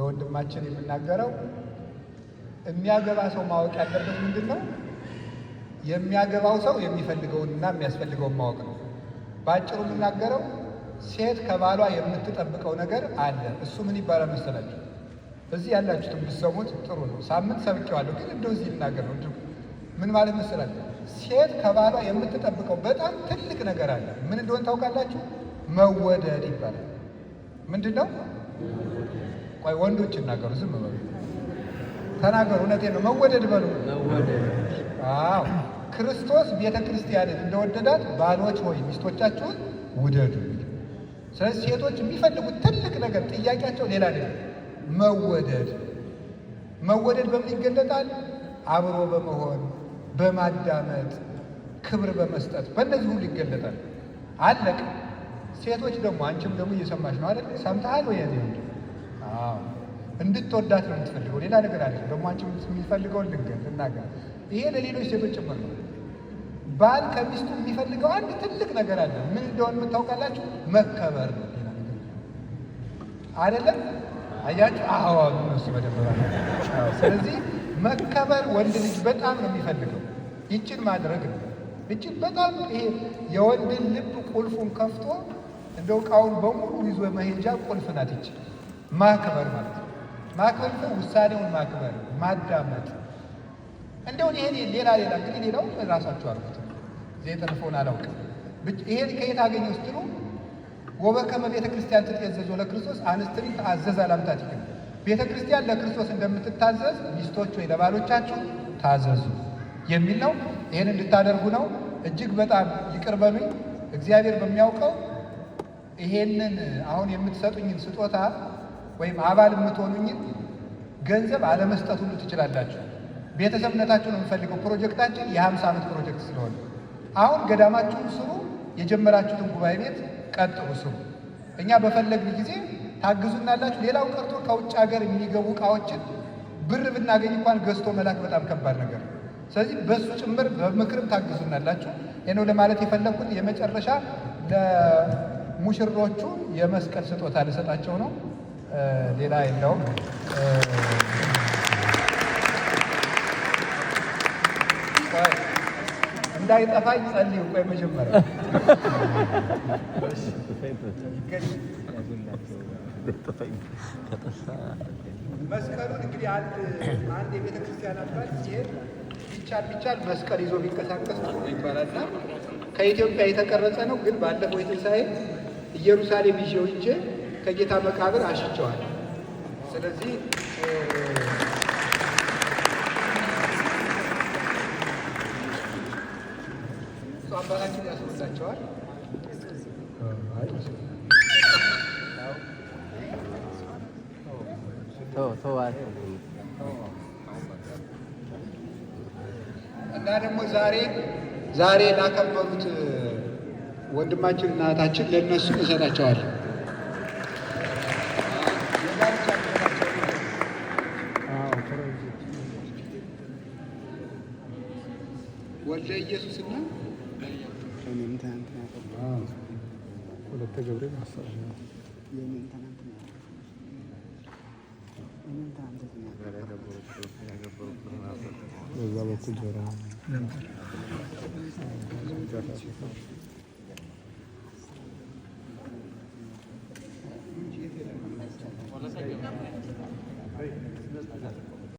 ለወንድማችን የምናገረው የሚያገባ ሰው ማወቅ ያለበት ምንድን ነው? የሚያገባው ሰው የሚፈልገውንና የሚያስፈልገውን ማወቅ ነው። በአጭሩ የምናገረው ሴት ከባሏ የምትጠብቀው ነገር አለ። እሱ ምን ይባላል መሰላችሁ? እዚህ ያላችሁትን ብትሰሙት ጥሩ ነው። ሳምንት ሰብቄዋለሁ፣ ግን እንደው እዚህ ልናገር ነው። ምን ማለት መሰላችሁ? ሴት ከባሏ የምትጠብቀው በጣም ትልቅ ነገር አለ። ምን እንደሆን ታውቃላችሁ? መወደድ ይባላል። ምንድን ነው ቆይ ወንዶች ይናገሩ፣ ዝም በሉ ተናገሩ። እውነቴን ነው። መወደድ በሉ። አዎ ክርስቶስ ቤተ ክርስቲያንን እንደወደዳት ባሎች ሆይ ሚስቶቻችሁን ውደዱ። ስለዚህ ሴቶች የሚፈልጉት ትልቅ ነገር ጥያቄያቸው ሌላ ነገር መወደድ መወደድ በምን ይገለጣል? አብሮ በመሆን በማዳመጥ ክብር በመስጠት በእነዚህ ሁሉ ይገለጣል። አለቅ ሴቶች ደግሞ አንቺም ደግሞ እየሰማሽ ነው አይደል? ሰምተሃል ወይ? እንድትወዳት ነው የምትፈልገው። ሌላ ነገር አለ ደግሞ አንቺ ልንገር ልናገር፣ ይሄ ለሌሎች ሴቶች ጭምር ነው። ባል ከሚስቱ የሚፈልገው አንድ ትልቅ ነገር አለ። ምን እንደሆነ የምታውቃላችሁ? መከበር ነው። ሌላ ነገር አይደለም። አያችሁ? አዎ እነሱ መደበራ። ስለዚህ መከበር ወንድ ልጅ በጣም ነው የሚፈልገው። ይችን ማድረግ ነው እጅግ በጣም ይሄ የወንድን ልብ ቁልፉን ከፍቶ እንደው እቃውን በሙሉ ይዞ መሄጃ ቁልፍ ናት ማክበር ማለት ነው። ማክበር ነው፣ ውሳኔውን ማክበር፣ ማዳመጥ እንደውን ይሄን ሌላ ሌላ እንግዲህ ሌላው ራሳቸው አልኩት እዚህ የጠልፈውን አላውቅም። ይሄን ከየት አገኘ ስትሉ ወበከመ ቤተ ክርስቲያን ትትዘዞ ለክርስቶስ አንስትሪ ተአዘዝ አላምታት ይገ ቤተ ክርስቲያን ለክርስቶስ እንደምትታዘዝ ሚስቶች ወይ ለባሎቻችሁ ታዘዙ የሚል ነው። ይህን እንድታደርጉ ነው። እጅግ በጣም ይቅር እግዚአብሔር በሚያውቀው ይሄንን አሁን የምትሰጡኝን ስጦታ ወይም አባል የምትሆኑኝ ገንዘብ አለመስጠት ሁሉ ትችላላችሁ። ቤተሰብነታችሁን የምፈልገው ፕሮጀክታችን የሀምሳ ዓመት ፕሮጀክት ስለሆነ አሁን ገዳማችሁን ስሩ፣ የጀመራችሁትን ጉባኤ ቤት ቀጥሩ፣ ስሩ። እኛ በፈለግን ጊዜ ታግዙናላችሁ። ሌላው ቀርቶ ከውጭ ሀገር የሚገቡ እቃዎችን ብር ብናገኝ እንኳን ገዝቶ መላክ በጣም ከባድ ነገር ነው። ስለዚህ በሱ ጭምር በምክርም ታግዙናላችሁ። ይህነው ለማለት የፈለግኩት። የመጨረሻ ለሙሽሮቹ የመስቀል ስጦታ ልሰጣቸው ነው። Eh, ሌላ የለውም። eh, እንዳይጠፋኝ ጸልይ። ቆይ መጀመሪያ መስቀሉን እንግዲህ አንድ አንድ የቤተ ክርስቲያን ሲሄድ ቢቻል ቢቻል መስቀል ይዞ ቢንቀሳቀስ ይባላልና ከኢትዮጵያ የተቀረጸ ነው። ግን ባለፈው የትንሣኤ ኢየሩሳሌም ይዤው ከጌታ መቃብር አሽቸዋል። ስለዚህ አባታችን ያስወጣቸዋል። እና ደግሞ ዛሬ ዛሬ ላከበሩት ወንድማችን እናታችን ለእነሱ እሰጣቸዋለሁ። ወልደ ኢየሱስ እና ሁለተ ገብርኤል በዛ በኩል ዞረ Thank you.